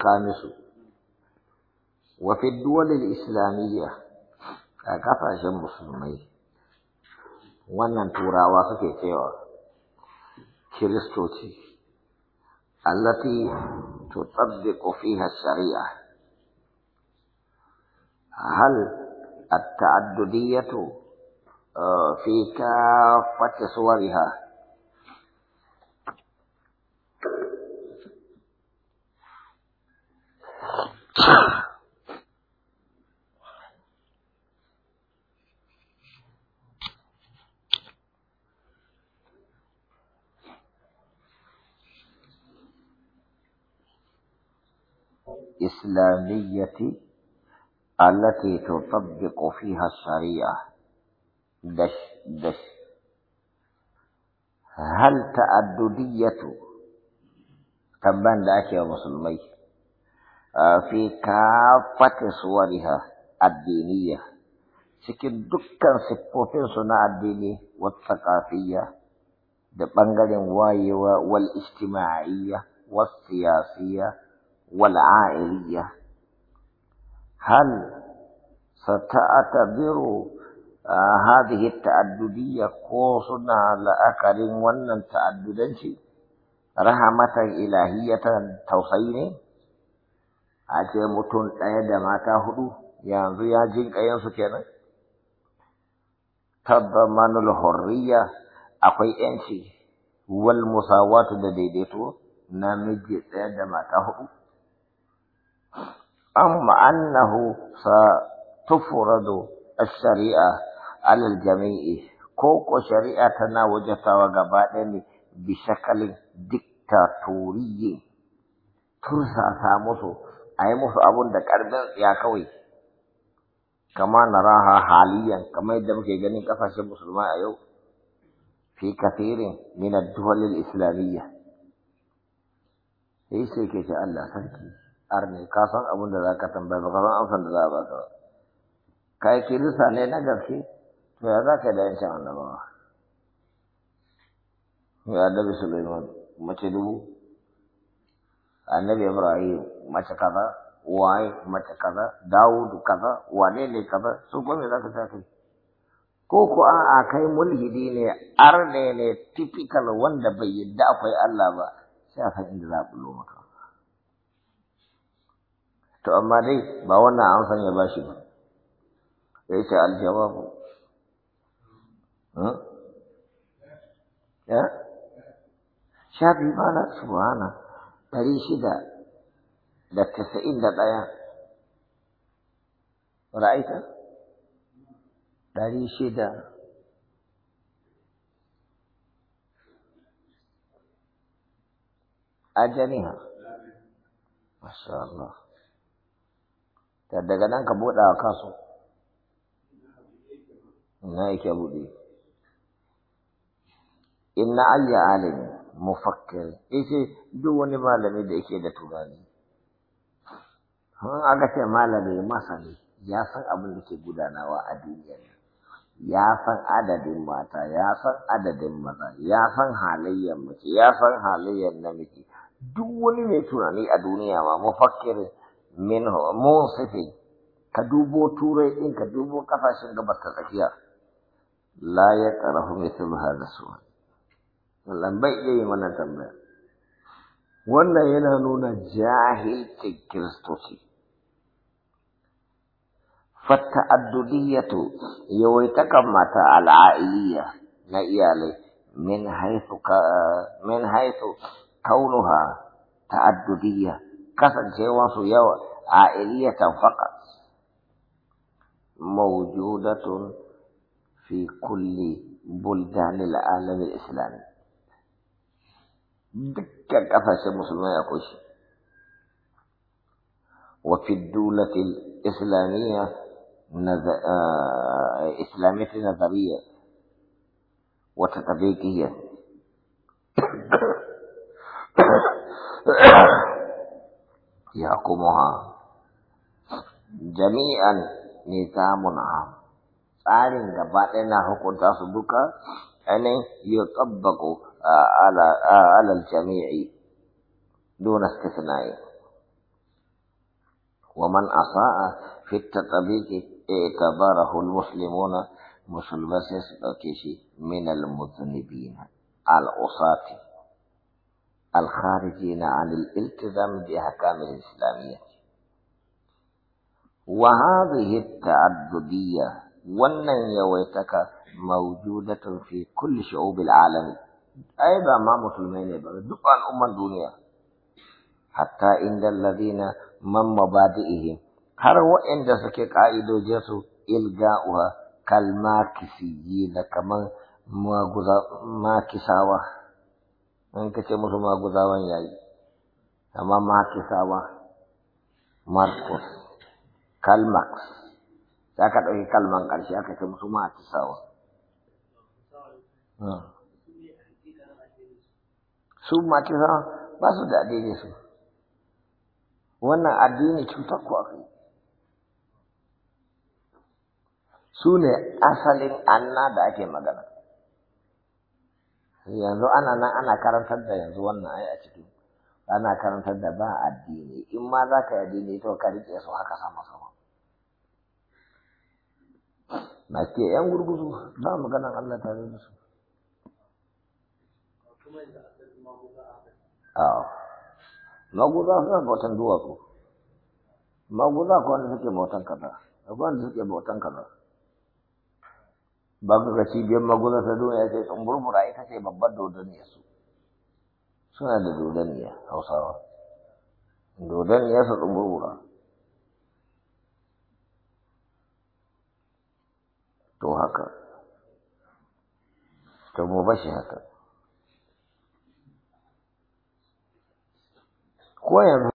الخامس وفي الدول الإسلامية أكفى جم مسلمي وانا انتورا واسكي تيوا كريستوتي التي تطبق فيها الشريعة هل التعددية آه، في كافة صورها الإسلامية التي تطبق فيها الشريعة دش دش هل تأددية تبان لك يا مسلمي في كافة صورها الدينية cikin dukkan siffofinsu na addini wata kafiya da ɓangaren wayewa wal ijtima'iyya wasu siyasiyya Hal a والعائلية هل ستعتبر هذه التعددية قوسنا لأكرم ونن تعددا رحمة إلهية توصيني mutum ɗaya da mata huɗu, yanzu ya jin ƙayansu kenan tabbamanul hurriya akwai yanci wal musawatu da daidaito namiji ɗaya da mata huɗu. أم أنه ستفرض الشريعة على الجميع كوكو شريعة وجهة وقبائل بشكل ديكتاتوري ترسى ساموسو أي موسو أبون دك دكاربين يا كوي كما نراها حاليا كما يدمك جنين كفاش مسلماء أيو في كثير من الدول الإسلامية ليس كيف الله تركي arne ka san abin da za ka tambaya ba ka san amsan da za a ka ba ka yi kirista ne na gaske to ya za ka da yancan annabawa ya annabi suleiman mace dubu annabi ibrahim mace kaza waye mace kaza dawudu kaza wane ne kaza su kuma za ka sa kai ko ko a kai mulhidi ne arne ne typical wanda bai yadda akwai allah ba sai a san inda za a bulo maka to amma dai ba wannan an san ya bashi ba ya ce aljawabu ya bi mana subhana dari shida da 91 ra'aita dari shida أجلها ما شاء الله ta daga nan ka buɗa wa kansu na yake buɗe inna alya alimi mufakkir ita duk wani malami da yake da tunani hun aka ce malami masani ya san abin da ke gudanawa a duniya ya san adadin mata ya san adadin maza ya san halayyar mace ya san halayyar namiji duk wani mai tunani a duniya ma mufakkirin min munsifi ka dubo turai din ka dubo kafashin gabas ta tsakiya la ya karahu mithlu hadha sawal wallan bai iya yin nan tambaya wannan yana nuna jahilci kristoci fata'addudiyatu yawaita kan mata al'a'iliya na iyalai min haithu ka min haithu kaunuha ta'addudiyya kasancewa su yawa عائلية فقط موجودة في كل بلدان العالم الإسلامي دكا قفش مسلمين أكوشي وفي الدولة الإسلامية نز... آه... إسلامية نظرية وتطبيقية يحكمها jami'an nizamun am tsarin gaba ɗaya na hukunta su duka ainihin yi tsabbaku alal jami'i دون استثناء ومن أساء في التطبيق اعتبره المسلمون مسلمة سكيشي من المذنبين العصاة الخارجين عن الالتزام بأحكام الإسلامية wa hadhihi at-ta'addudiyya wannan yawaitaka mawjudatun fi kulli shu'ubil alam ai ba ma musulmai ne ba duk al'umman duniya hatta inda alladhina man mabadi'ihim har waɗanda suke ka'idojinsu ilga'uha kalmakisiyina kaman makisawa an kace musu maguzawan yayi amma makisawa markus kalmax Za ka ɗauki kalman ƙarshe aka ce musu ma sawa. Hmm. su ma sawa ba su da addini su wannan addini cutar ku yi. su ne asalin anna da ake magana yanzu ana nan ana karantar da yanzu wannan ai a cikin ana karantar da ba addini in ma za ka yi addini to ka riƙe su haka sama su. na ke yan gurguzu ba maganan Allah tare da su a maguza suna bautan duwatsu maguza ko suke bautan kaza akwai wanda suke bautan kaza ba ka ga cibiyar maguza ta duniya ce tsumburmura ita ce babbar dodaniya su suna da dodaniya hausawa dodaniya su tsumburmura. to haka to mu shi haka ko